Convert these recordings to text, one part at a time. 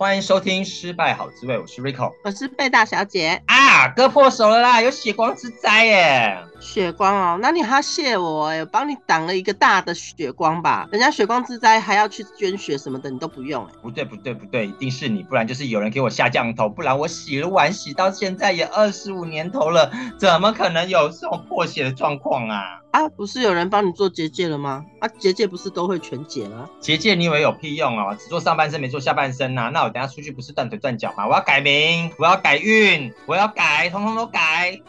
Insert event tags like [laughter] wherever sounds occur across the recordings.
歡迎收聽《失敗好滋味》，我是 Rico，我是貝大小姐啊，割破手了啦，有血光之災耶！血光哦，那你還謝我欸？我幫你擋了一個大的血光吧，人家血光之災還要去捐血什麼的，你都不用哎欸。不對不對不對，一定是你，不然就是有人給我下降頭，不然我洗了碗洗到現在也二十五年頭了，怎麼可能有這種破血的狀況啊？啊，不是有人幫你做結界了嗎？啊，結界不是都會全解嗎？結界你以為有屁用啊？只做上半身，沒做下半身啊！那我等一下出去不是斷腿斷腳嗎？我要改名，我要改運，我要改，通通都改。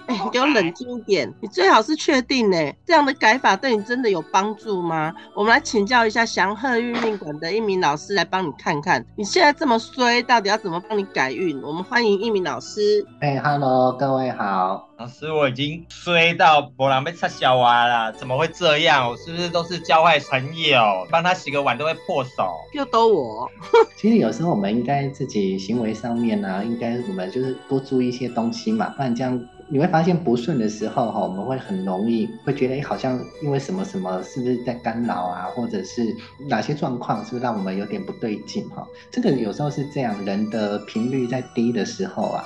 哎、欸，你給我冷靜一點。你最好是確定呢、欸，這樣的改法對你真的有幫助嗎？我們來請教一下祥鶴運命館的一鳴老師來幫你看看。你現在這麼衰，到底要怎麼幫你改運？我們歡迎一鳴老師。哎、欸、，Hello，各位好。老師，我已經追到波浪被擦小娃了，怎麼會這樣？我是不是都是教壞朋友？幫他洗個碗都會破手，又逗我。 [laughs] 其實有時候我們應該自己行為上面呢、啊，應該我們就是多注意一些東西嘛，不然這樣你會發現不順的時候哈、哦，我們會很容易會覺得，哎，好像因為什麼什麼是不是在干擾啊，或者是哪些狀況是不是讓我們有點不對勁哈、哦？這個有時候是這樣，人的頻率在低的時候啊。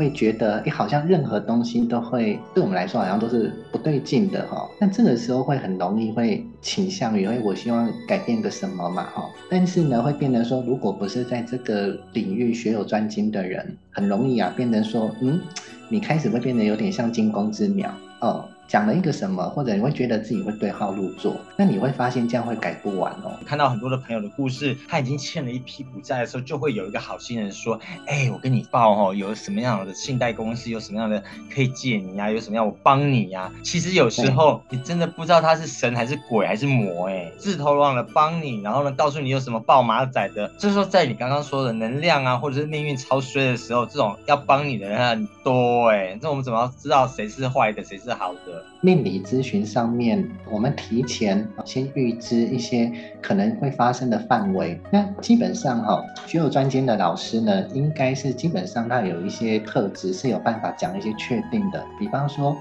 會覺得、欸，好像任何東西都會對我們來說好像都是不對勁的哈、哦。那這個時候會很容易會傾向於，我希望改變個什麼嘛哈、哦。但是呢，會變得說，如果不是在這個領域學有專精的人，很容易啊，變得說，嗯，你開始會變得有點像驚弓之鳥哦。講了一個什麼，或者你會覺得自己會對號入座，那你會發現這樣會改不完哦。看到很多的朋友的故事，他已經欠了一屁股債的時候，就會有一個好心人說：“哎、欸，我跟你報哦，有什麼樣的信貸公司，有什麼樣的可以借你呀、啊，有什麼樣我幫你呀、啊。”其實有時候、嗯、你真的不知道他是神還是鬼還是魔、欸，哎，自投羅網的幫你，然後呢，告訴你有什麼報馬仔的。這時候在你剛剛說的能量啊，或者是命運超衰的時候，這種要幫你的人很多、欸，哎，那我們怎麼知道誰是壞的，誰是好的？命理諮詢上面，我們提前先預知一些可能會發生的範圍。那基本上哈、哦，學有專精的老師呢，應該是基本上他有一些特質是有辦法講一些確定的。比方說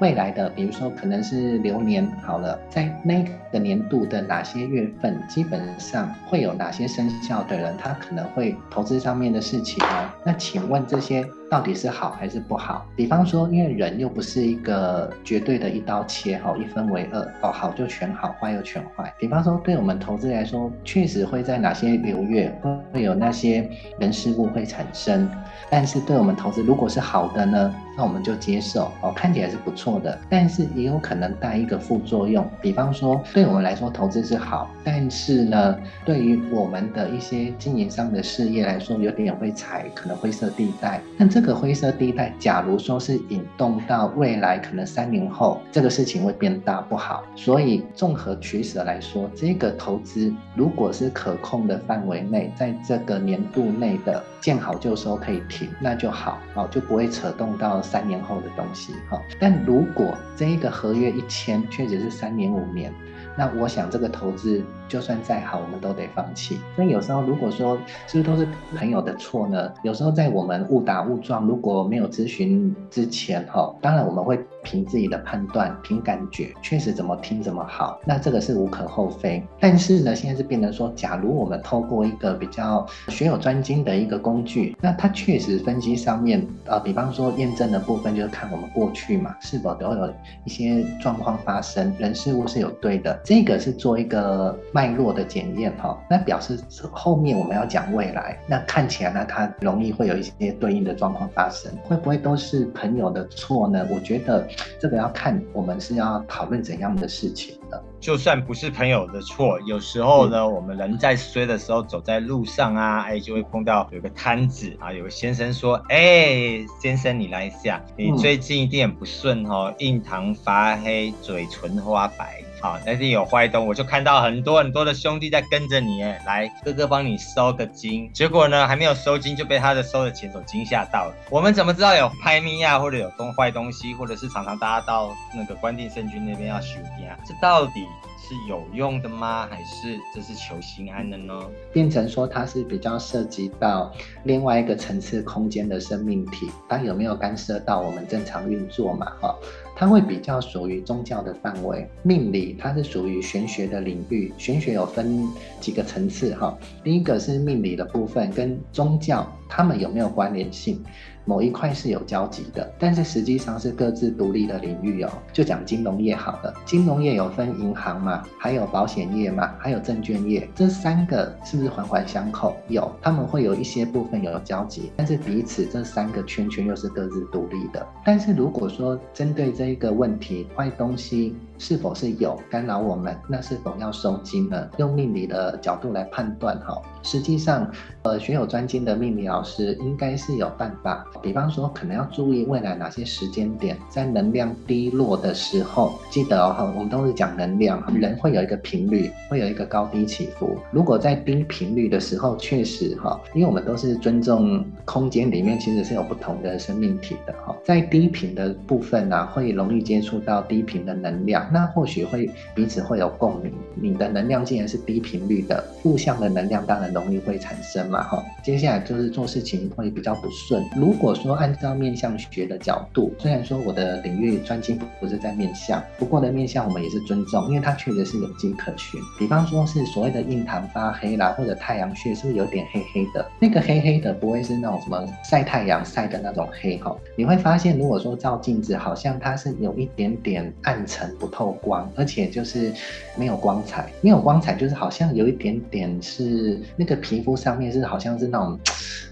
未來的，比如說可能是流年好了，在那個年度的哪些月份，基本上會有哪些生肖的人他可能會投資上面的事情呢？那請問這些，到底是好還是不好？比方說，因為人又不是一個絕對的一刀切哈，一分為二哦，好就全好，壞又全壞。比方說，對我們投資來說，確實會在哪些流月會會有那些人事物會產生。但是對我們投資如果是好的呢，那我們就接受哦，看起來是不錯的。但是也有可能帶一個副作用。比方說，對我們來說投資是好，但是呢，對於我們的一些經營上的事業來說，有點也會踩可能灰色地帶。但這這個灰色地帶，假如說是引動到未來可能三年後，這個事情會變大不好。所以綜合取捨來說，這個投資如果是可控的範圍內，在這個年度內的見好就收可以停，那就好，哦，就不會扯動到三年後的東西，哈。但如果這一個合約一簽確實是三年五年，那我想這個投資就算再好，我們都得放棄。所以有時候如果說是不是都是朋友的錯呢？有時候在我們誤打誤。如果沒有諮詢之前哈，當然我們會。憑自己的判斷，憑感覺，確實怎麼聽怎麼好，那這個是無可厚非。但是呢，現在是變成說，假如我們透過一個比較學有專精的一個工具，那它確實分析上面，呃，比方說驗證的部分，就是看我們過去嘛，是否都有一些狀況發生，人事物是有對的，這個是做一個脈絡的檢驗哈。那表示後面我們要講未來，那看起來呢，它容易會有一些對應的狀況發生，會不會都是朋友的錯呢？我覺得。這個要看我們是要討論怎樣的事情的，就算不是朋友的錯，有時候呢，對我們人在衰的時候，走在路上啊，哎，就會碰到有個攤子啊，有個先生說，哎，先生你來一下，你最近一定很不順哦，印堂發黑，嘴唇花白。好，那天有壞東西，我就看到很多很多的兄弟在跟着你誒，來，哥哥幫你收個金，結果呢還沒有收金就被他的收的錢所驚嚇到了。我們怎麼知道有拍咪呀，或者有東壞東西，或者是常常大家到那個關帝聖君那邊要許願啊？這到底是有用的嗎？還是這是求心安的呢？變成說，它是比較涉及到另外一個層次空間的生命體，它有沒有干涉到我們正常運作嘛？哈。它會比較屬於宗教的範圍，命理它是屬於玄學的領域，玄學有分幾個層次哈，第一個是命理的部分跟宗教，它們有沒有關聯性？某一塊是有交集的，但是實際上是各自獨立的領域哦。就講金融業好了，金融業有分銀行嘛，還有保險業嘛，還有證券業，這三個是不是環環相扣？有，他們會有一些部分有交集，但是彼此這三個圈圈又是各自獨立的。但是如果說針對這一個問題，壞東西是否是有干擾我們，那是否要收金呢？用命理的角度來判斷哈、哦。實際上，呃，學有專精的命理老師應該是有辦法。比方說，可能要注意未來哪些時間點，在能量低落的時候，記得哦，我們都是講能量，人會有一個頻率，會有一個高低起伏。如果在低頻率的時候，確實哈、哦，因為我們都是尊重空間裡面其實是有不同的生命體的哈，在低頻的部分呢、啊，會容易接觸到低頻的能量，那或許會彼此會有共鳴。你的能量既然是低頻率的，負向的能量當然。容易會產生嘛哈，接下來就是做事情會比較不順。如果說按照面相學的角度，雖然說我的領域專精不是在面相，不過呢，面相我們也是尊重，因為它確實是有跡可循。比方說是所謂的印堂發黑啦，或者太陽穴是不是有點黑黑的？那個黑黑的不會是那種什麼曬太陽曬的那種黑哈。你會發現，如果說照鏡子，好像它是有一點點暗沉不透光，而且就是沒有光彩。沒有光彩就是好像有一點點是。那個皮膚上面是好像是那種，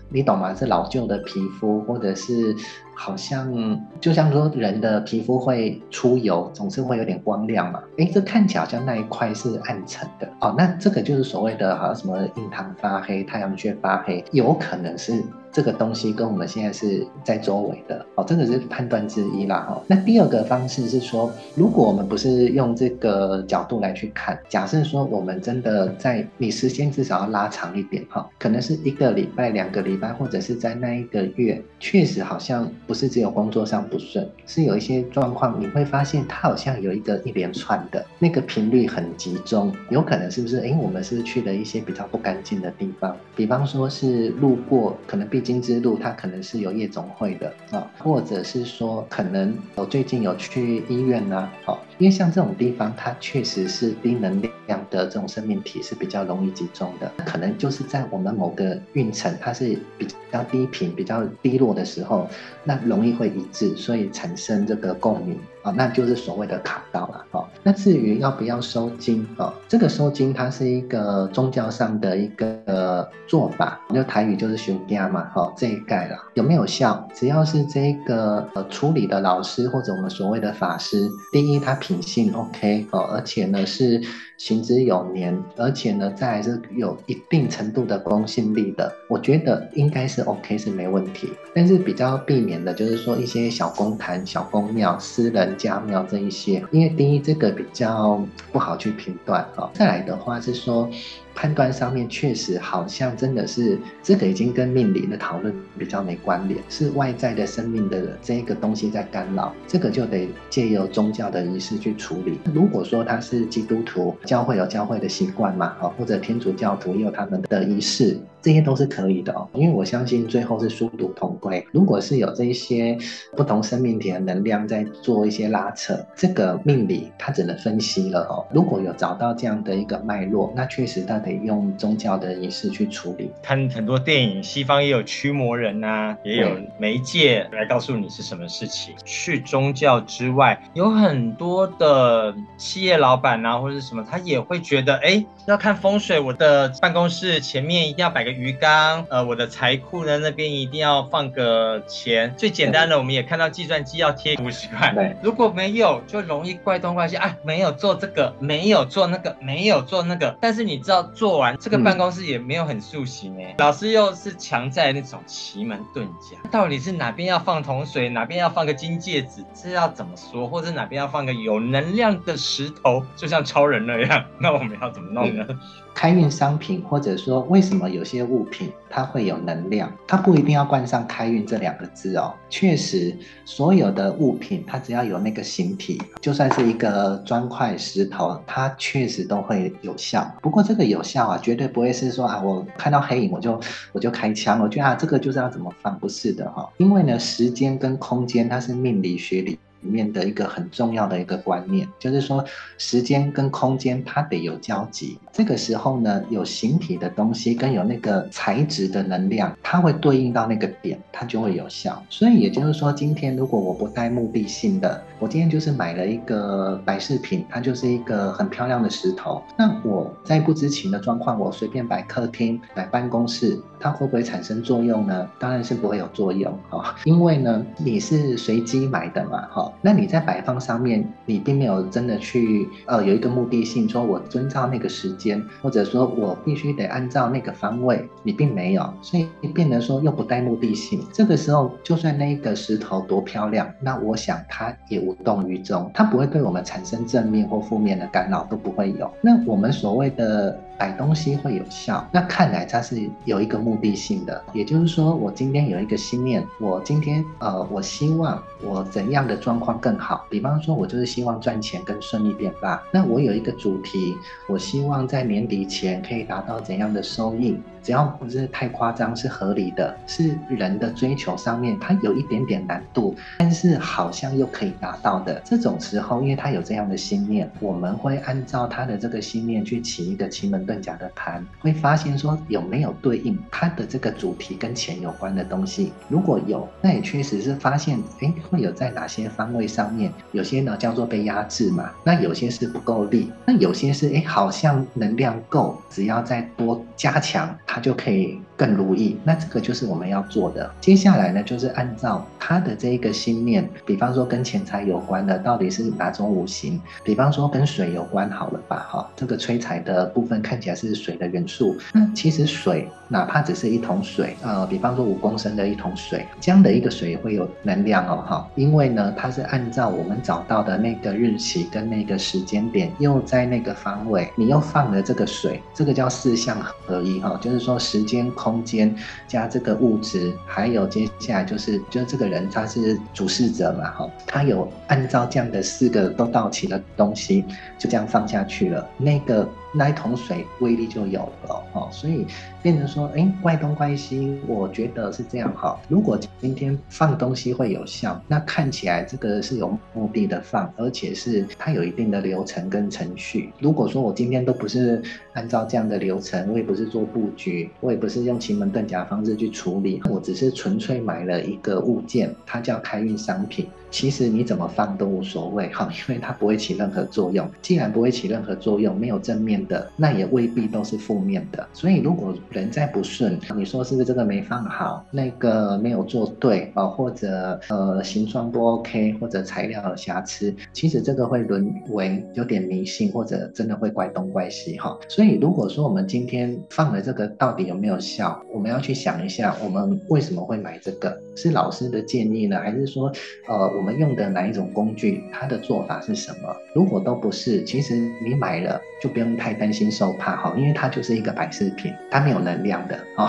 你懂嗎？是老舊的皮膚，或者是好像就像說人的皮膚會出油，總是會有點光亮嘛。誒，這看起來好像那一塊是暗沉的，哦，那這個就是所謂的好像什麼印堂發黑、太陽穴發黑，有可能是。這個東西跟我們現在是在周圍的哦，真的是判斷之一啦哈，哦。那第二個方式是說，如果我們不是用這個角度來去看，假設說我們真的在你時間至少要拉長一點哈，哦，可能是一個禮拜、兩個禮拜，或者是在那一個月，確實好像不是只有工作上不順，是有一些狀況，你會發現它好像有一個一連串的那個頻率很集中，有可能是不是？哎，我們是去了一些比較不乾淨的地方，比方說是路過，可能畢。金之路，它可能是有夜總會的啊、哦，或者是說，可能我最近有去醫院啊。哦，因為像這種地方，它確實是低能量的這種生命體是比較容易集中的，可能就是在我們某個運程，它是比較低頻、比較低落的時候，那容易會一致，所以產生這個共鳴。啊、哦，那就是所謂的卡到啦。哈、哦，那至於要不要收驚啊、哦，這個收驚它是一個宗教上的一個做法，就台語就是尋價嘛。哈、哦，這一概啦，有沒有效？只要是這個呃處理的老師或者我們所謂的法師，第一他品性 OK，哦，而且呢是。行之有年，而且呢，再來是有一定程度的公信力的，我覺得應該是 OK，是沒問題。但是比較避免的就是說一些小宮壇、小宮廟、私人家廟這一些，因為第一這個比較不好去評斷啊。再來的話是說。判斷上面確實好像真的是這個已經跟命理的討論比較沒關聯，是外在的生命的這個東西在干擾，這個就得借由宗教的儀式去處理。如果說他是基督徒，教會有教會的習慣嘛，哦，或者天主教徒也有他們的儀式。這些都是可以的哦，因為我相信最後是殊途同歸。如果是有這些不同生命體的能量在做一些拉扯，這個命理它只能分析了哦。如果有找到這樣的一個脈絡，那確實它得用宗教的儀式去處理。看很多電影，西方也有驅魔人啊，也有媒介對來告訴你是什麼事情。去宗教之外，有很多的企業老板啊，或者是什麼，他也會覺得，哎，要看風水，我的辦公室前面一定要擺個。魚缸，呃，我的財庫呢，那邊一定要放個錢，最簡單的，我們也看到計算機要貼五十塊，對如果沒有就容易怪東怪西啊，沒有做這個，沒有做那個，沒有做那個，但是你知道做完這個辦公室也沒有很塑形，哎，嗯、老師又是強在那種奇門遁甲，到底是哪邊要放桶水，哪邊要放個金戒指，是要怎麼說，或者是哪邊要放個有能量的石頭，就像超人那樣，那我們要怎麼弄呢？嗯開運商品，或者說為什麼有些物品它會有能量？它不一定要冠上“開運”這兩個字哦。確實，所有的物品它只要有那個形體，就算是一個磚塊、石頭，它確實都會有效。不過這個有效啊，絕對不會是說啊，我看到黑影我就我就開槍，我覺得啊，這個就是要怎麼放？不是的哈、哦，因為呢，時間跟空間它是命理學裡。裡面的一個很重要的一個觀念，就是說時間跟空間它得有交集。這個時候呢，有形體的東西跟有那個材質的能量，它會對應到那個點，它就會有效。所以也就是說，今天如果我不帶目的性的，我今天就是買了一個擺飾品，它就是一個很漂亮的石頭。那我在不知情的狀況，我隨便擺客廳、擺辦公室。它會不會產生作用呢？當然是不會有作用哈、哦，因為呢，你是隨機買的嘛哈、哦，那你在擺放上面，你並沒有真的去呃有一個目的性，說我遵照那個時間，或者說我必須得按照那個方位，你並沒有，所以你變得說又不帶目的性。這個時候，就算那一個石頭多漂亮，那我想它也無動於衷，它不會對我們產生正面或負面的干擾，都不會有。那我們所謂的。買東西會有效，那看來它是有一個目的性的，也就是說，我今天有一個心念，我今天呃，我希望我怎樣的狀況更好？比方說，我就是希望賺錢更順利一點吧。那我有一個主題，我希望在年底前可以達到怎樣的收益？只要不是太誇張，是合理的，是人的追求上面，它有一點點難度，但是好像又可以達到的。這種時候，因為他有這樣的心念，我們會按照他的這個心念去起一個奇門。遁甲的盤會發現說，有沒有對應它的這個主題，跟錢有關的東西。如果有，那也確實是發現，哎，會有在哪些方位上面，有些呢叫做被壓制嘛，那有些是不夠力，那有些是哎好像能量夠，只要再多加強，它就可以更如意。那這個就是我們要做的。接下來呢，就是按照它的這個心念，比方說跟錢財有關的到底是哪種五行，比方說跟水有關好了吧，哈，這個催財的部分看。看起來是水的元素，那其實水哪怕只是一桶水，呃，比方說五公升的一桶水，這樣的一個水也會有能量哦。哈，因為呢，它是按照我們找到的那個日期跟那個時間點，又在那個方位，你又放了這個水，這個叫四象合一哈、哦，就是說時間、空間加這個物質，還有接下來就是，就這個人他是主事者嘛哈、哦，他有按照這樣的四個都到齊的東西，就這樣放下去了，那個。那一桶水威力就有了哦，所以變成說，哎、欸，怪東怪西，我覺得是這樣哈。如果今天放東西會有效，那看起來這個是有目的的放，而且是它有一定的流程跟程序。如果說我今天都不是按照這樣的流程，我也不是做布局，我也不是用奇門遁甲的方式去處理，我只是純粹買了一個物件，它叫開運商品。其實你怎麼放都無所謂哈，因為它不會起任何作用。既然不會起任何作用，沒有正面的，那也未必都是負面的。所以如果人在不順，你說是不是這個沒放好，那個沒有做對啊，或者呃形狀不 OK，或者材料有瑕疵，其實這個會淪為有點迷信，或者真的會怪東怪西哈。所以如果說我們今天放了這個，到底有沒有效，我們要去想一下，我們為什麼會買這個。是老師的建議呢，還是說，呃，我們用的哪一種工具，它的做法是什麼？如果都不是，其實你買了就不用太擔心受怕哈，因為它就是一個擺飾品，它沒有能量的啊、哦，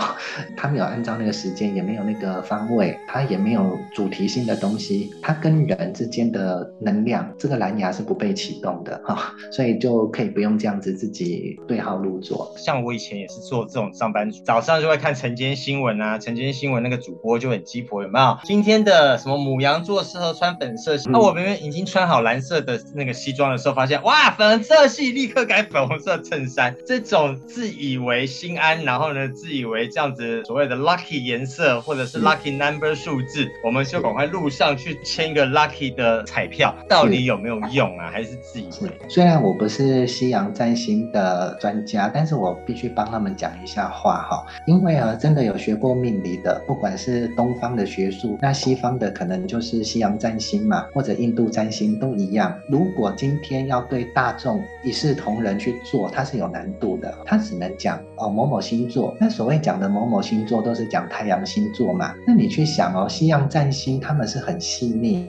它沒有按照那個時間，也沒有那個方位，它也沒有主題性的東西，它跟人之間的能量，這個藍牙是不被啟動的哈、哦，所以就可以不用這樣子自己對號入座。像我以前也是做這種上班族，早上就會看晨間新聞啊，晨間新聞那個主播就很雞婆。有沒有今天的什麼牡羊座適合穿粉色系？那、嗯啊、我明明已經穿好藍色的那個西裝的時候，發現哇，粉色系立刻改粉紅色襯衫。這種自以為心安，然後呢自以為這樣子所謂的 lucky 顏色或者是 lucky number 數字，是我們就趕快路上去簽一個 lucky 的彩票，是到底有沒有用啊？還是自以為？雖然我不是西洋占星的專家，但是我必須幫他們講一下話哈，因為啊真的有學過命理的，不管是東方的。學術，那西方的可能就是西洋占星嘛，或者印度占星都一樣。如果今天要對大眾一視同仁去做，它是有難度的，它只能講。哦，某某星座，那所謂講的某某星座都是講太陽星座嘛？那你去想哦，西洋占星他們是很細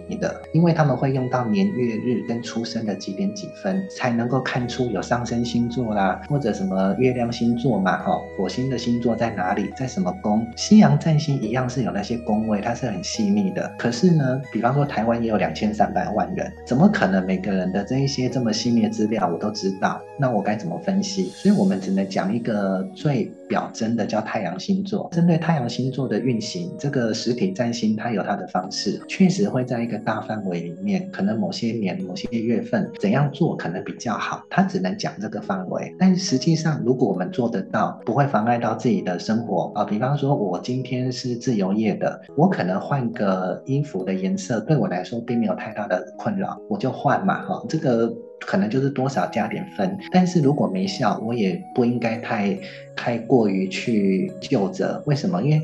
膩的，因為他們會用到年月日跟出生的幾點幾分才能夠看出有上升星座啦，或者什麼月亮星座嘛，哈、哦，火星的星座在哪裡，在什麼宮？西洋占星一樣是有那些宮位，它是很細膩的。可是呢，比方說台灣也有兩千三百萬人，怎麼可能每個人的這一些這麼細膩的資料我都知道？那我該怎麼分析？所以我們只能講一個。最表徵的叫太陽星座，針對太陽星座的運行，這個實體占星它有它的方式，確實會在一個大範圍裡面，可能某些年、某些月份怎樣做可能比較好，它只能講這個範圍。但實際上，如果我們做得到，不會妨礙到自己的生活啊、哦。比方說，我今天是自由業的，我可能換個衣服的顏色，對我來說並沒有太大的困擾，我就換嘛哈、哦。這個。可能就是多少加點分，但是如果沒效，我也不應該太太過於去苛責。為什麼？因為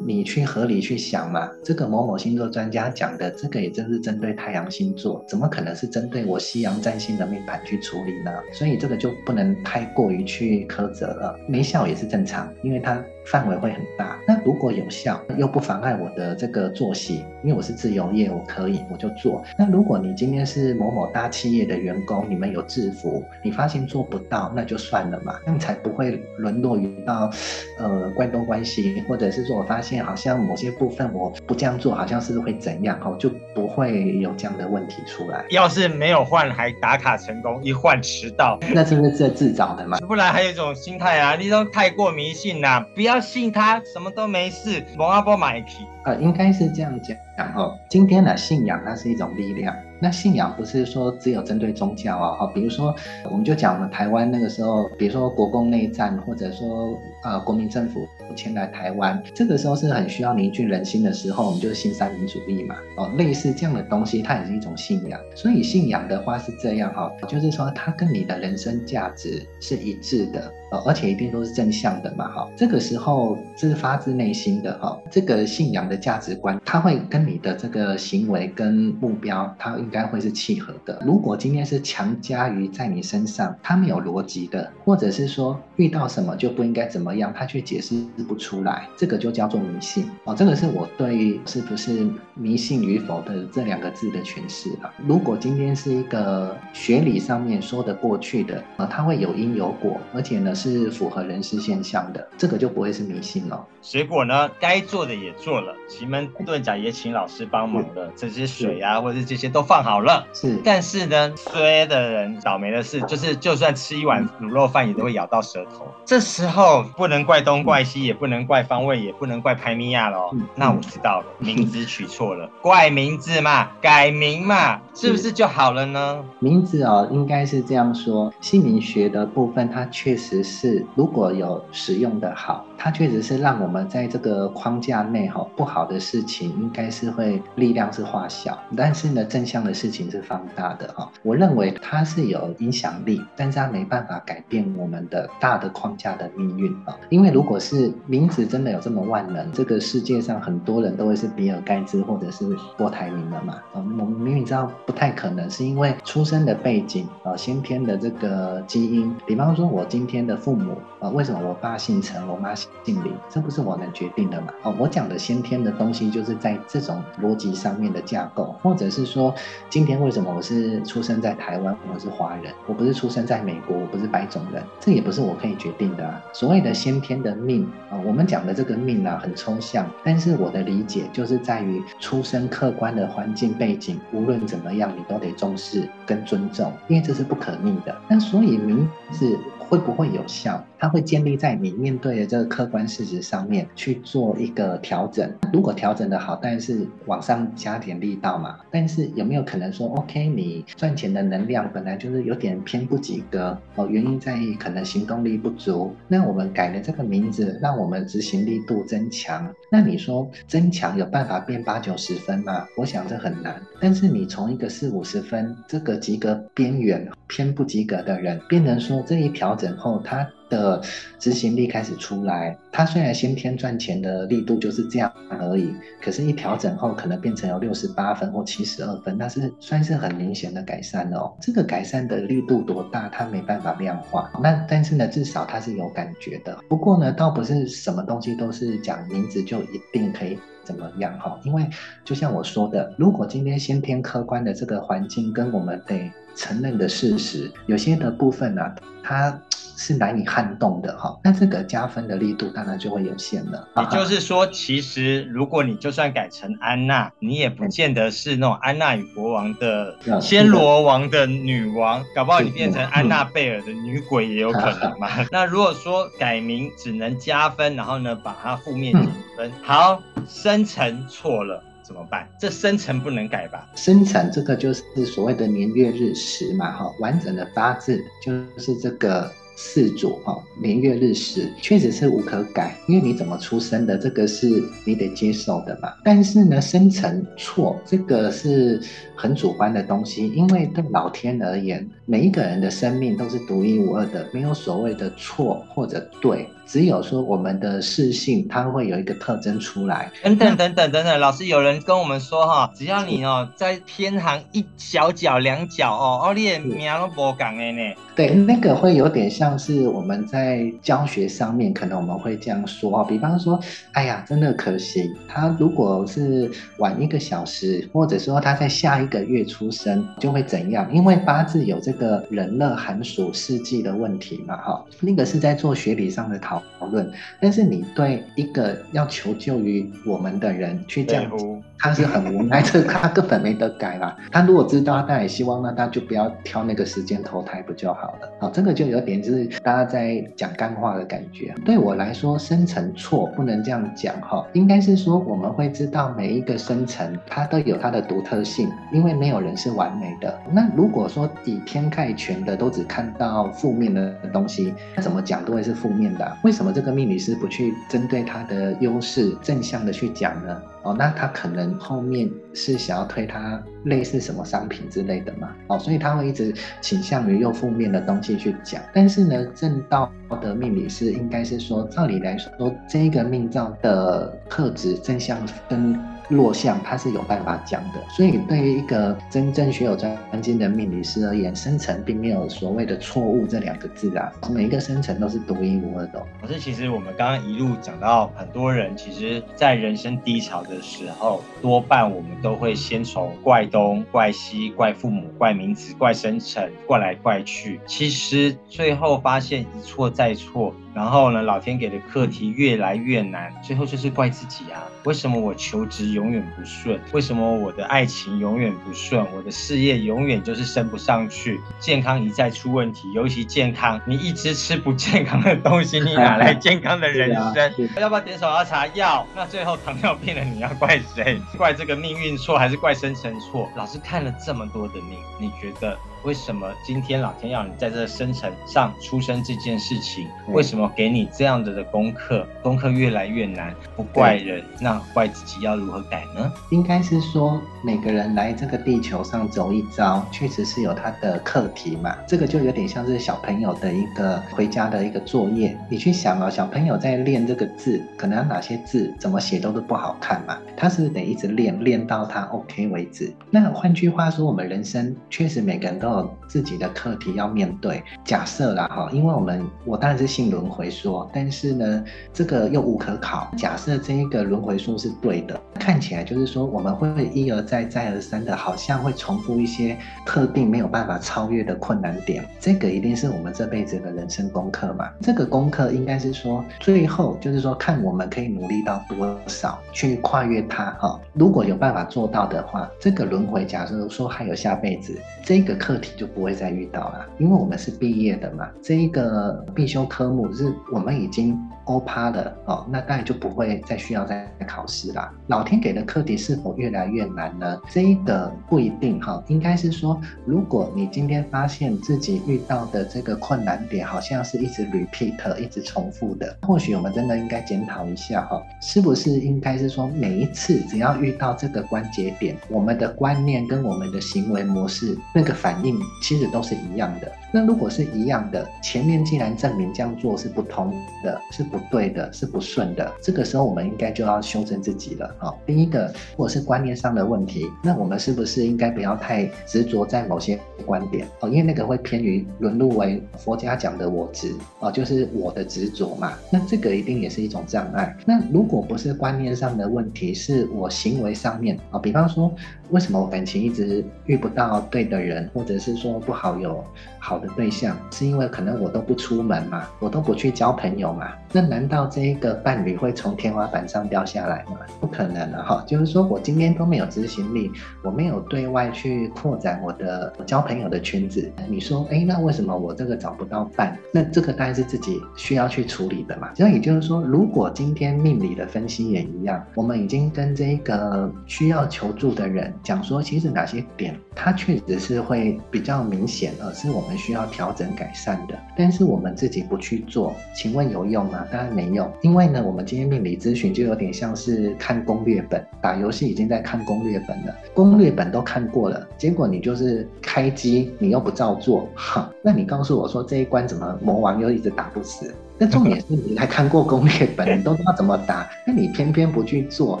你去合理去想嘛，這個某某星座專家講的，這個也正是針對太陽星座，怎麼可能是針對我西洋占星的命盤去處理呢？所以這個就不能太過於去苛責了，沒效也是正常，因為它範圍會很大。那如果有效，又不妨礙我的這個作息，因為我是自由業，我可以我就做。那如果你今天是某某大企業的員工，你們有制服，你發現做不到，那就算了嘛，那你才不會淪落。遇到，呃，關東關西，或者是說，我發現好像某些部分我不這樣做，好像是會怎樣？哦，就不會有這樣的問題出來。要是沒有換，還打卡成功；一換遲到，那是不是這自找的嘛？不然還有一種心態啊，你都太過迷信啦，不要信他，什麼都沒事，某阿波買提，呃，應該是這樣講。今天的、啊、信仰，它是一種力量。那信仰不是說只有針對宗教啊，哈，比如說，我們就講我們台灣那個時候，比如說國共內戰，或者說。啊，國民政府遷來台灣，這個時候是很需要凝聚人心的時候，我們就是新三民主義嘛，哦，類似這樣的東西，它也是一種信仰。所以信仰的話是這樣哈、哦，就是說它跟你的人生價值是一致的，哦、而且一定都是正向的嘛，哈、哦。這個時候是發自內心的哈、哦，這個信仰的價值觀，它會跟你的這個行為跟目標，它應該會是契合的。如果今天是強加於在你身上，它沒有邏輯的，或者是說遇到什麼就不應該怎麼。樣，他卻解釋不出來，這個就叫做迷信哦。這個是我對於是不是迷信與否的這兩個字的詮釋了、啊。如果今天是一個學理上面說得過去的，呃，它會有因有果，而且呢是符合人事現象的，這個就不會是迷信了、哦。結果呢，該做的也做了，奇門遁甲也請老師幫忙了，這些水啊是或者這些都放好了。是，但是呢，衰的人倒霉的事就是，就算吃一碗滷肉飯也都會咬到舌頭。這時候。不能怪東怪西，嗯、也不能怪方位，也不能怪拍米亞嘍。嗯、那我知道了，嗯、名字取錯了， [laughs] 怪名字嘛，改名嘛，是不是就好了呢？名字哦，應該是這樣說，姓名學的部分，它確實是，如果有使用的好，它確實是讓我們在這個框架內哈、哦，不好的事情應該是會力量是化小，但是呢，正向的事情是放大的哈、哦。我認為它是有影響力，但是它沒辦法改變我們的大的框架的命運。因為如果是名字真的有這麼萬能，這個世界上很多人都會是比爾蓋茨或者是郭台銘了嘛。啊，我們明明知道不太可能，是因為出生的背景啊、先天的這個基因。比方說，我今天的父母啊，為什麼我爸姓陳，我媽姓李？這不是我能決定的嘛。我講的先天的東西，就是在這種邏輯上面的架構，或者是說，今天為什麼我是出生在台灣，我是華人，我不是出生在美國，我不是白種人，這也不是我可以決定的。啊。所謂的。先天的命啊，我們講的這個命啊，很抽象。但是我的理解就是在於出生客觀的環境背景，無論怎麼樣，你都得重視跟尊重，因為這是不可逆的。那所以名字會不會有效？他會建立在你面對的這個客觀事實上面去做一個調整。如果調整得好，但是往上加點力道嘛。但是有沒有可能說，OK，你賺錢的能量本來就是有點偏不及格哦，呃，原因在於可能行動力不足。那我們改了這個名字，讓我們執行力度增強。那你說增強有辦法變八九十分嗎？我想這很難。但是你從一個四五十分這個及格邊緣偏不及格的人，變成說這一調整後他的執行力開始出來，他雖然先天賺錢的力度就是這樣而已，可是一調整後可能變成有六十八分或七十二分，那是算是很明顯的改善了哦。這個改善的力度多大，他沒辦法量化。那但是呢，至少他是有感覺的。不過呢，倒不是什麼東西都是講名字就一定可以怎麼樣哈、哦，因為就像我說的，如果今天先天客觀的這個環境跟我們得承認的事實，有些的部分呢、啊，它。是難以撼動的哈，那這個加分的力度當然就會有限了。也就是說，其實如果你就算改成安娜，你也不見得是那種安娜與國王的暹羅王的女王，搞不好你變成安娜貝爾的女鬼也有可能嘛。那如果說改名只能加分，然後呢，把它負面減分。好，生辰錯了怎麼辦？這生辰不能改吧？生辰這個就是所謂的年月日時嘛，哈，完整的八字就是這個。四柱哈，年月日時確實是無可改，因為你怎麼出生的，這個是你得接受的嘛。但是呢，生辰錯這個是很主觀的東西，因為對老天而言，每一個人的生命都是獨一無二的，沒有所謂的錯或者對。只有說我們的視性，它會有一個特徵出來。嗯嗯、等等等等等等，老師，有人跟我們說哈，只要你哦在偏寒一小角兩角哦，哦你命都無講的呢。對，那個會有點像是我們在教學上面，可能我們會這樣說哦，比方說，哎呀，真的可惜。他如果是晚一個小時，或者說他在下一個月出生，就會怎樣？因為八字有這個人的寒暑四季的問題嘛，哈，那個是在做學理上的討討論，但是你對一個要求救於我們的人去這樣子。 [laughs] 他是很無奈，這他根本沒得改啦。他如果知道，他也希望，那他就不要挑那個時間投胎不就好了？好，這個就有點就是大家在講幹話的感覺。對我來說，生辰錯不能這樣講哈，應該是說我們會知道每一個生辰它都有它的獨特性，因為沒有人是完美的。那如果說以偏概全的都只看到負面的東西，那怎麼講都會是負面的啊。為什麼這個命理師不去針對他的優勢正向的去講呢？哦，那他可能後面是想要推他類似什麼商品之類的嘛。哦，所以他會一直傾向於用負面的東西去講。但是呢，正道的命理是，應該是說，照理來說，說，這個命造的特質正向跟。落象，它是有辦法講的，所以對於一個真正學有專精的命理師而言，生辰並沒有所謂的錯誤這兩個字啊，每一個生辰都是獨一無二的哦。可是其實我們剛剛一路講到，很多人其實，在人生低潮的時候，多半我們都會先從怪東怪西、怪父母、怪名字、怪生辰，怪來怪去，其實最後發現一錯再錯。然後呢，老天給的課題越來越難，最後就是怪自己啊！為什麼我求職永遠不順？為什麼我的愛情永遠不順？我的事業永遠就是升不上去，健康一再出問題，尤其健康，你一直吃不健康的東西，你哪來健康的人生？啊、要不要點手搖茶？要。那最後糖尿病了，你要怪誰？怪這個命運錯，還是怪生辰錯？老師看了這麼多的命，你覺得？為什麼今天老天要你在這生辰上出生這件事情？為什麼給你這樣子的功課？功課越來越難，不怪人，對那怪自己要如何改呢？應該是說，每個人來這個地球上走一遭，確實是有他的課題嘛。這個就有點像是小朋友的一個回家的一個作業。你去想啊、哦，小朋友在練這個字，可能哪些字怎麼寫都是不好看嘛，他是得一直練，練到他 OK 為止。那換句話說，我們人生確實每個人都。自己的課題要面對，假設啦，哈，因為我們我當然是信輪回說，但是呢，這個又無可考。假設這一個輪回說是對的，看起來就是說我們會一而再再而三的，好像會重複一些特定沒有辦法超越的困難點。這個一定是我們這輩子的人生功課嘛？這個功課應該是說，最後就是說看我們可以努力到多少去跨越它哈。如果有辦法做到的話，這個輪回假設說還有下輩子，這個課題就不會再遇到了，因為我們是畢業的嘛，這一個必修科目是我們已經 all pass 的哦，那當然就不會再需要再考試啦。老天給的課題是否越來越難呢？這一個不一定哈、哦，應該是說，如果你今天發現自己遇到的這個困難點，好像是一直 repeat、一直重複的，或許我們真的應該檢討一下哈、哦，是不是應該是說，每一次只要遇到這個關節點，我們的觀念跟我們的行為模式那個反應。其實都是一樣的。那如果是一樣的，前面既然證明這樣做是不通的、是不對的、是不順的，這個時候我們應該就要修正自己了啊、哦。第一個，如果是觀念上的問題，那我們是不是應該不要太執着在某些觀點哦，因為那個會偏於淪入為佛家講的我執哦，就是我的執着嘛。那這個一定也是一種障礙。那如果不是觀念上的問題，是我行為上面啊、哦，比方說，為什麼我感情一直遇不到對的人，或者是是說不好有好的對象，是因為可能我都不出門嘛，我都不去交朋友嘛。那難道這一個伴侶會從天花板上掉下來嗎？不可能的哈、哦。就是說我今天都沒有執行力，我沒有對外去擴展我的交朋友的圈子。你說，誒，那為什麼我這個找不到伴？那這個當然是自己需要去處理的嘛。所以也就是說，如果今天命理的分析也一樣，我們已經跟這個需要求助的人講說，其實哪些點他確實是會。比較明顯，而是我們需要調整改善的，但是我們自己不去做，請問有用嗎？當然沒用，因為呢，我們今天命理諮詢就有點像是看攻略本，打遊戲已經在看攻略本了，攻略本都看過了，結果你就是開機，你又不照做，哈，那你告訴我說這一關怎麼魔王又一直打不死？那 [laughs] 重點是你來看過攻略本，你都知道怎麼答，那你偏偏不去做，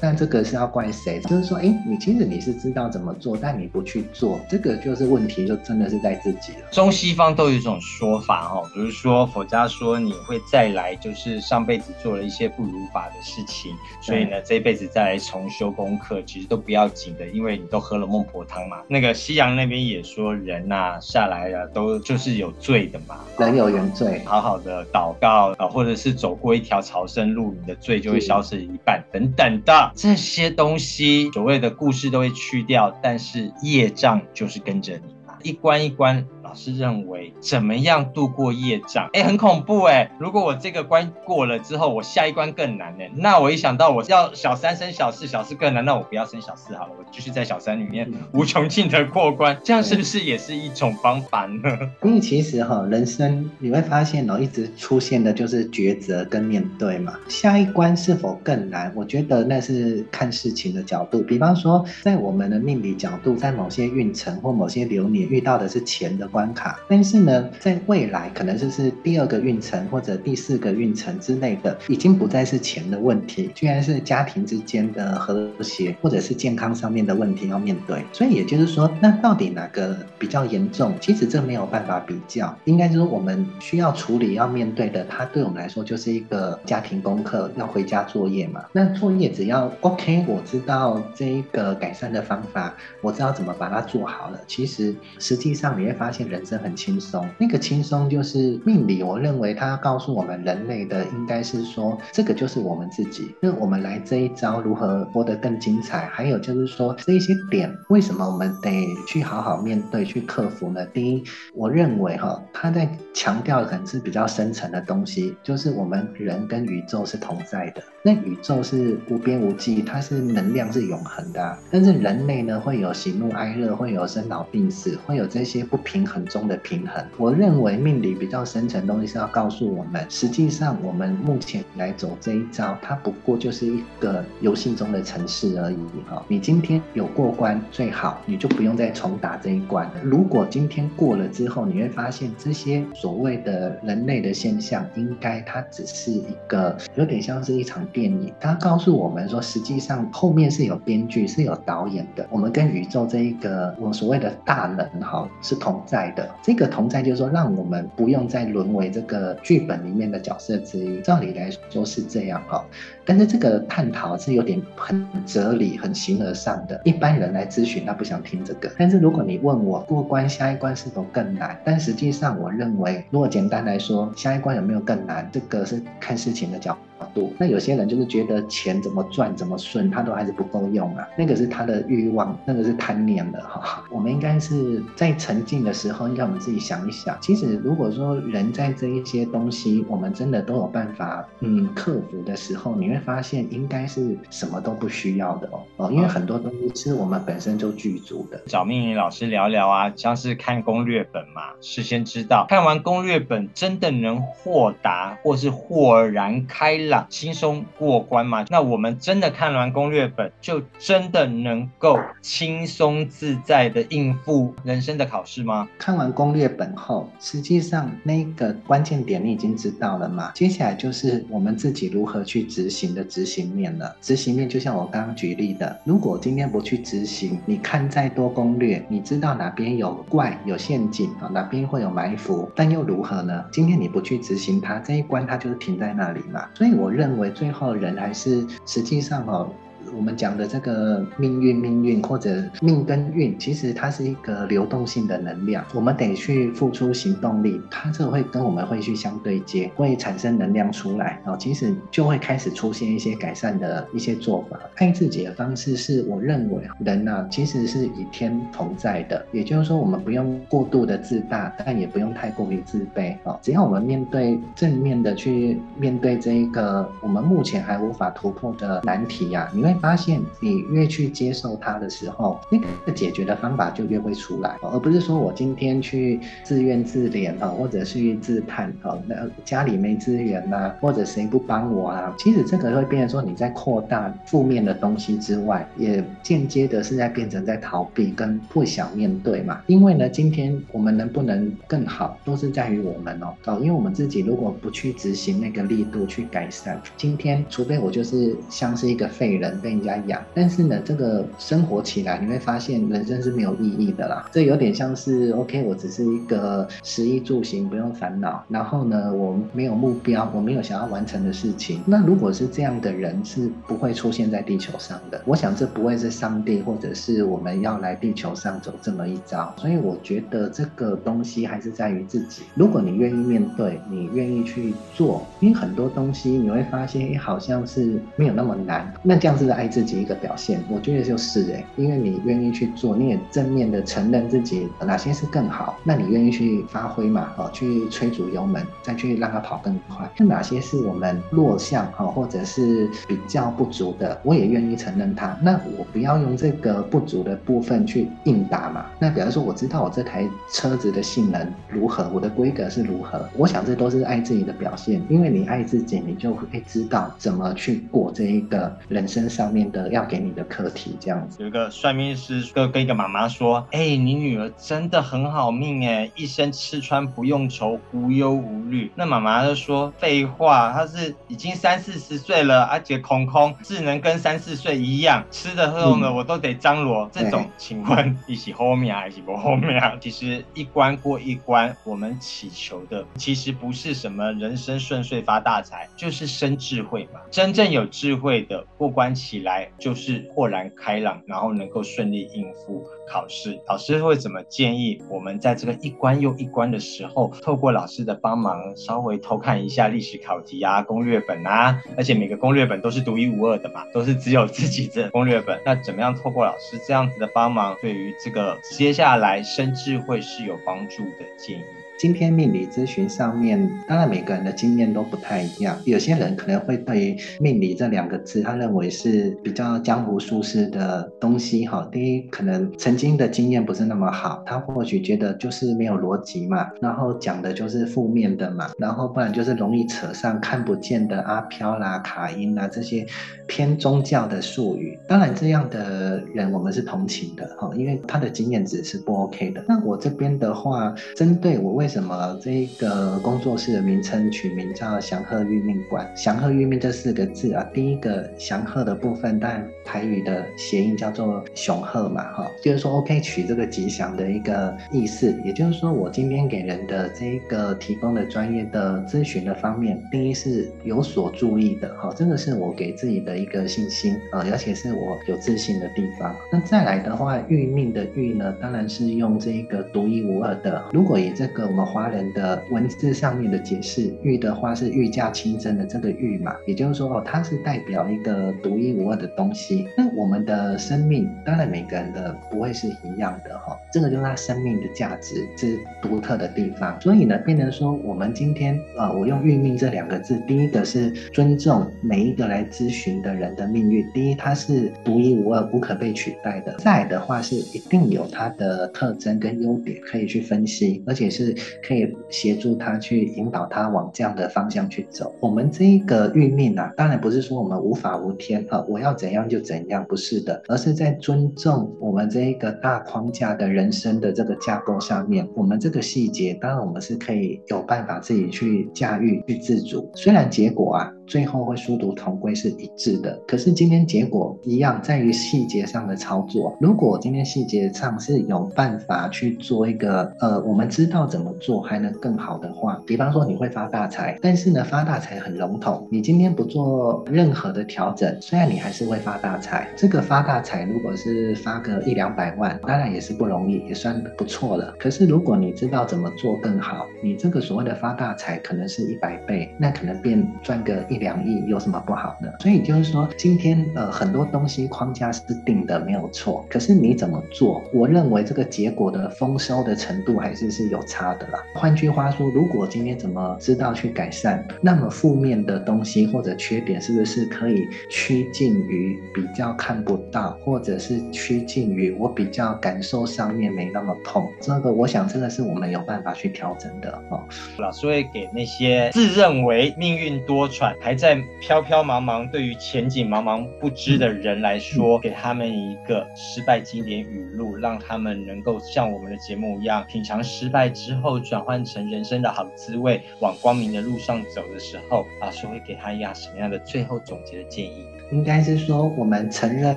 那這個是要怪誰？就是說，哎、欸，你其實你是知道怎麼做，但你不去做，這個就是問題，就真的是在自己了。中西方都有一種說法，哦，比、就、如、是、說佛家說你會再來，就是上輩子做了一些不如法的事情，對所以呢這輩子再來重修功課，其實都不要緊的，因為你都喝了孟婆湯嘛。那個西洋那邊也說人吶、啊、下來了、啊、都就是有罪的嘛，人有原罪，好好的禱告。啊，或者是走過一條朝聖路，你的罪就會消失一半，對等等的，這些東西，所謂的故事都會去掉，但是業障就是跟着你嘛，一關一關。老師認為，怎麼樣度過業障？哎、欸，很恐怖哎、欸！如果我這個關過了之後，我下一關更難呢、欸？那我一想到我要小三升小四，小四更難，那我不要升小四好了，我繼續在小三裡面無窮盡的過關，嗯、這樣是不是也是一種方法呢？因為、嗯 [laughs] 嗯、其實哈、哦，人生你會發現哦，一直出現的就是抉擇跟面對嘛。下一關是否更難？我覺得那是看事情的角度。比方說，在我們的命理角度，在某些運程或某些流年遇到的是錢的關卡，但是呢，在未來可能就是第二個運程或者第四個運程之類的，已經不再是錢的問題，居然是家庭之間的和諧或者是健康上面的問題要面對。所以也就是說，那到底哪個比較嚴重？其實這沒有辦法比較，應該就是我們需要處理要面對的，它對我們來說就是一個家庭功課，要回家作業嘛。那作業只要 OK，我知道這一個改善的方法，我知道怎麼把它做好了。其實實際上你會發現。人生很輕鬆，那個輕鬆就是命理。我認為它告訴我們人類的，應該是說這個就是我們自己。那我們來這一招如何活得更精彩？還有就是說這一些點，為什麼我們得去好好面對、去克服呢？第一，我認為哈、哦，他在強調可能是比較深層的東西，就是我們人跟宇宙是同在的。那宇宙是無邊無際，它是能量是永恆的、啊，但是人類呢，會有喜怒哀樂，會有生老病死，會有這些不平衡中的平衡。我認為命理比較深層的東西是要告訴我們，實際上我們目前來走這一招，它不過就是一個遊戲中的程式而已哈、哦。你今天有過關最好，你就不用再重打這一關了。如果今天過了之後，你會發現這些所謂的人類的現象，應該它只是一個有點像是一場。電影，他告訴我們說，實際上後面是有編劇、是有導演的。我們跟宇宙這一個，我所謂的大人哈，是同在的。這個同在就是說，讓我們不用再淪為這個劇本裡面的角色之一。照理來說就是這樣哈。但是這個探討是有點很哲理、很形而上的，一般人來諮詢他不想聽這個。但是如果你問我過關下一關是否更難，但實際上我認為，如果簡單來說，下一關有沒有更難，這個是看事情的角度。那有些人就是覺得錢怎麼賺怎麼順，他都還是不夠用啊，那個是他的慾望，那個是貪念的哈。 [laughs] 我們應該是在沉靜的時候，讓我們自己想一想，其實如果說人在這一些東西，我們真的都有辦法，嗯，克服的時候，你發現應該是什麼都不需要的哦哦，因為很多東西是我們本身就具足的。找命理老師聊聊啊，像是看攻略本嘛，事先知道。看完攻略本真的能豁達或是豁然開朗、輕鬆過關嗎？那我們真的看完攻略本就真的能夠輕鬆自在的應付人生的考試嗎？看完攻略本後，實際上那個關鍵點你已經知道了嘛？接下來就是我們自己如何去執行。的執行面了，執行面就像我剛剛舉例的，如果今天不去執行，你看再多攻略，你知道哪邊有怪有陷阱啊，哪邊會有埋伏，但又如何呢？今天你不去執行它，這一關它就是停在那裡嘛。所以我認為最後人還是實際上哦。我們講的這個命運、命運或者命跟運，其實它是一個流動性的能量，我們得去付出行動力，它這會跟我們會去相對接，會產生能量出來，然後其實就會開始出現一些改善的一些做法。愛自己的方式，是我認為人吶、啊，其實是與天同在的，也就是說，我們不用過度的自大，但也不用太過於自卑哦。只要我們面對正面的去面對這一個我們目前還無法突破的難題呀，你會。發現你越去接受它的時候，那個解決的方法就越會出來，而不是說我今天去自怨自憐啊，或者是去自嘆啊，那家裡沒資源吶啊，或者誰不幫我啊？其實這個會變成說你在擴大負面的東西之外，也間接的是在變成在逃避跟不想面對嘛。因為呢，今天我們能不能更好，都是在於我們哦。哦，因為我們自己如果不去執行那個力度去改善，今天除非我就是像是一個廢人，被人家養，但是呢，這個生活起來，你會發現人生是沒有意義的啦。這有點像是 OK，我只是一個食衣住行不用煩惱，然後呢，我沒有目標，我沒有想要完成的事情。那如果是這樣的人，是不會出現在地球上的。我想這不會是上帝，或者是我們要來地球上走這麼一遭。所以我覺得這個東西還是在於自己。如果你願意面對，你願意去做，因為很多東西你會發現，哎，好像是沒有那麼難。那這樣子。愛自己一個表現，我覺得就是誒，因為你願意去做，你也正面的承認自己哪些是更好，那你願意去發揮嘛。哈、哦，去催足油門，再去讓它跑更快。那哪些是我們弱項哈，或者是比較不足的，我也願意承認它。那我不要用這個不足的部分去應答嘛。那比方說，我知道我這台車子的性能如何，我的規格是如何，我想這都是愛自己的表現。因為你愛自己，你就會知道怎麼去過這一個人生。上面的要給你的課題這樣子，有一個算命師就跟一個媽媽說：“哎、欸，你女兒真的很好命哎、欸，一生吃穿不用愁，無憂無慮。”那媽媽就說：“廢話，她是已經三四十歲了，而、啊、且空空，智能跟三四歲一樣，吃的喝用的我都得張羅。嗯”這種情況，她是好命啊，她是不好命、啊？其實一關過一關，我們祈求的其實不是什麼人生順遂發大財，就是生智慧嘛。真正有智慧的過關。起來就是豁然開朗，然後能夠順利應付考試。老師會怎麼建議我們在這個一關又一關的時候，透過老師的幫忙稍微偷看一下歷史考題啊、攻略本啊？而且每個攻略本都是獨一無二的嘛，都是只有自己的攻略本。那怎麼樣透過老師這樣子的幫忙，對於這個接下來升智慧是有幫助的建議？今天命理諮詢上面，當然每個人的經驗都不太一樣。有些人可能會對於命理這兩個字，他認為是比較江湖術士的東西哈。第一，可能曾經的經驗不是那麼好，他或許覺得就是沒有邏輯嘛，然後講的就是負面的嘛，然後不然就是容易扯上看不見的阿飄啦、啊、卡因啦、啊、這些偏宗教的術語。當然，這樣的人我們是同情的哈，因為他的經驗值是不 OK 的。那我這邊的話，針對我為為什麼？這一個工作室的名稱取名叫“祥鶴玉命館”。祥鶴玉命這四個字啊，第一個“祥鶴”的部分，但台語的諧音叫做“雄鶴”嘛，哈、哦，就是說 OK 取這個吉祥的一個意思。也就是說，我今天給人的這一個提供的專業的諮詢的方面，第一是有所注意的，好、哦，真的是我給自己的一個信心啊、呃，而且是我有自信的地方。那再來的話，“玉命”的“玉”呢，當然是用這一個獨一無二的。如果以這個。華人的文字上面的解釋，御的話是御駕親征的，這個御嘛，也就是說哦，它是代表一個獨一無二的東西。那我們的生命，當然每個人的不會是一樣的哈、哦，這個就是它生命的價值是獨特的地方。所以呢，變成說我們今天呃，我用“御命”這兩個字，第一個是尊重每一個來諮詢的人的命運，第一它是獨一無二、不可被取代的，再的話是一定有它的特徵跟優點可以去分析，而且是。可以協助他去引導他往這樣的方向去走，我們這一個運命啊，當然不是說我們無法無天啊，我要怎樣就怎樣，不是的，而是在尊重我們這一個大框架的人生的這個架構上面，我們這個細節，當然我們是可以有辦法自己去駕馭、去自主。雖然結果啊，最後會殊途同歸是一致的，可是今天結果一樣在於細節上的操作。如果今天細節上是有辦法去做一個，呃，我們知道怎麼做還能更好的話，比方說你會發大財。但是呢，發大財很籠統，你今天不做任何的調整，雖然你還是會發大財，這個發大財如果是發個一兩百萬，當然也是不容易，也算不錯了。可是如果你知道怎麼做更好，你這個所謂的發大財可能是一百倍，那可能變賺個一。兩億有什麼不好的？所以就是說，今天呃很多東西框架是定的，沒有錯。可是你怎麼做？我認為這個結果的豐收的程度還是是有差的啦。換句話說，如果今天怎麼知道去改善，那麼負面的東西或者缺點，是不是可以趨近於比較看不到，或者是趨近於我比較感受上面沒那麼痛？這個我想，真的是我們有辦法去調整的哦。老師會給那些自認為命運多舛，還在飄飄茫茫，對於前景茫茫不知的人來說，給他們一個失敗經典語錄，讓他們能夠像我們的節目一樣，品嘗失敗之後轉換成人生的好滋味。往光明的路上走的時候，老師會給他一樣什麼樣的最後總結的建議？應該是說，我們承認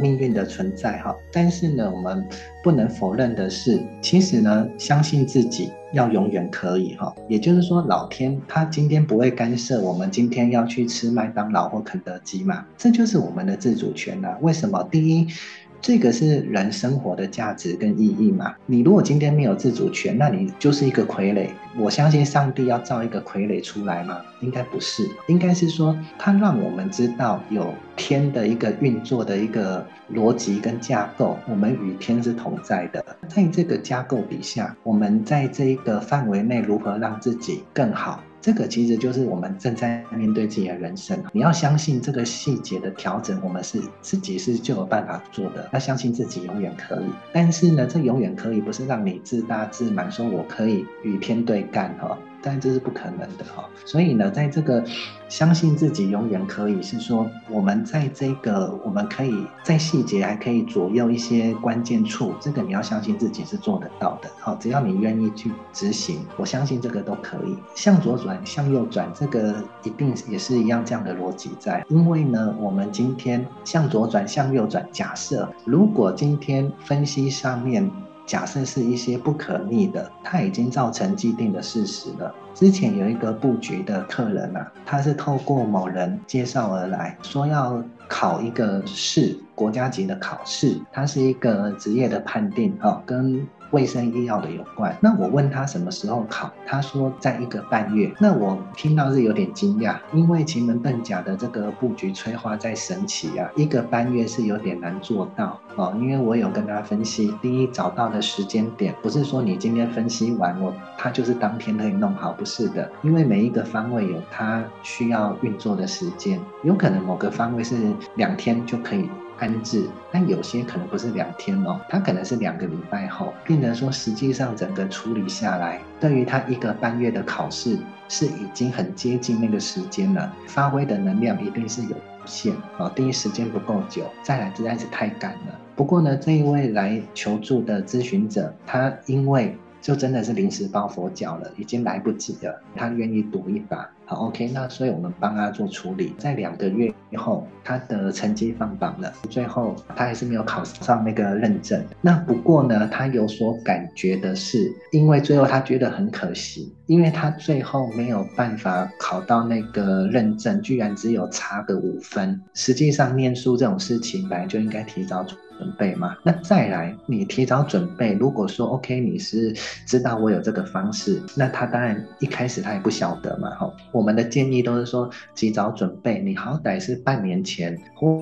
命運的存在哈，但是呢，我們不能否認的是，其實呢，相信自己要永遠可以哈。也就是說，老天他今天不會干涉我們今天要去吃麥當勞或肯德基嘛？這就是我們的自主權了啊。為什麼？第一。這個是人生活的價值跟意義嘛？你如果今天沒有自主權，那你就是一個傀儡。我相信上帝要造一個傀儡出來嗎？應該不是，應該是說他讓我們知道有天的一個運作的一個邏輯跟架構，我們與天是同在的，在這個架構底下，我們在這一個範圍內如何讓自己更好。這個其實就是我們正在面對自己的人生，你要相信這個細節的調整，我們是自己是就有辦法做的。要相信自己永遠可以，但是呢，這永遠可以不是讓你自大自滿，說我可以與天對幹哦。但這是不可能的哈、哦，所以呢，在這個相信自己永遠可以是說，我們在這個我們可以在細節還可以左右一些關鍵處，這個你要相信自己是做得到的哈、哦。只要你願意去執行，我相信這個都可以。向左轉，向右轉，這個一定也是一樣這樣的邏輯在。因為呢，我們今天向左轉向右轉，假設如果今天分析上面。假設是一些不可逆的，它已經造成既定的事實了。之前有一個布局的客人吶，他是透過某人介紹而來，說要考一個試，國家級的考試，它是一個職業的判定哦，跟。衛生醫藥的有關，那我問他什麼時候考，他說在一個半月。那我聽到是有點驚訝，因為奇門遁甲的這個布局催化再神奇啊，一個半月是有點難做到哦。因為我有跟他分析，第一找到的時間點，不是說你今天分析完我、哦，他就是當天可以弄好，不是的，因為每一個方位有他需要運作的時間，有可能某個方位是兩天就可以。安置，但有些可能不是兩天哦，他可能是兩個禮拜後。病人說，實際上整個處理下來，對於他一個半月的考試是已經很接近那個時間了，發揮的能量一定是有限啊。第一時間不夠久，再來實在是太趕了。不過呢，這一位來求助的諮詢者，他因為。就真的是臨時抱佛腳了，已經來不及了。他願意賭一把，好 OK。那所以我們幫他做處理，在兩個月以後，他的成績放榜了。最後他還是沒有考上那個認證。那不過呢，他有所感覺的是，因為最後他覺得很可惜，因為他最後沒有辦法考到那個認證，居然只有差個五分。實際上念書這種事情本來就應該提早出。準備嘛，那再來，你提早準備。如果說 OK，你是知道我有這個方式，那他當然一開始他也不曉得嘛，哈、哦。我們的建議都是說，及早準備，你好歹是半年前，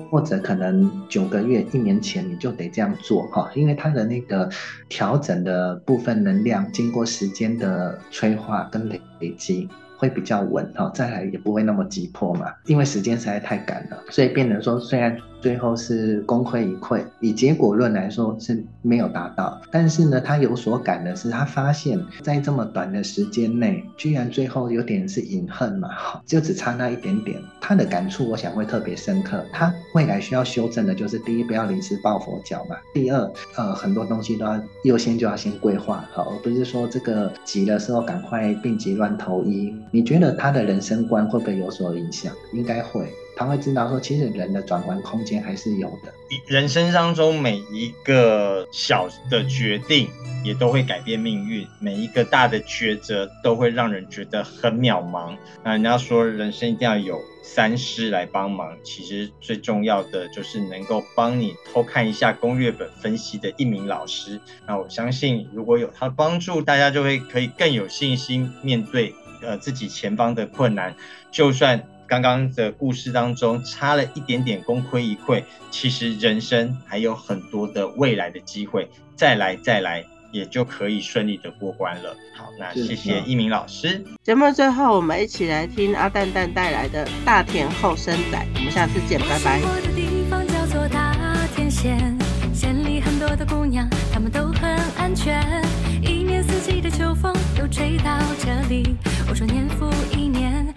或者可能九個月、一年前你就得這樣做，哈、哦，因為他的那個調整的部分能量，經過時間的催化跟累積，會比較穩，哈、哦，再來也不會那麼急迫嘛，因為時間實在太趕了，所以變成說雖然。最後是功虧一簣，以結果論來說是沒有達到。但是呢，他有所感的是，他發現，在這麼短的時間內，居然最後有點是遺憾嘛，就只差那一點點。他的感觸，我想會特別深刻。他未來需要修正的就是：第一，不要臨時抱佛腳嘛；第二，呃，很多東西都要優先，就要先規劃好，而不是說這個急的時候趕快病急亂投醫。你覺得他的人生觀會不會有所影響？應該會。他會知道說，其實人的轉彎空間還是有的。人生當中每一個小的決定，也都會改變命運；每一個大的抉擇，都會讓人覺得很渺茫。那人家說人生一定要有三師來幫忙，其實最重要的就是能夠幫你偷看一下攻略本分析的一鳴老師。那我相信，如果有他的幫助，大家就會可以更有信心面對呃自己前方的困難，就算。剛剛的故事當中差了一點點，功虧一簣。其實人生還有很多的未來的機會，再來再來也就可以順利的過關了。好，那謝謝一鳴老師。是是節目最後，我們一起來聽阿蛋蛋帶來的《大田後生仔》。我們下次見，拜拜。我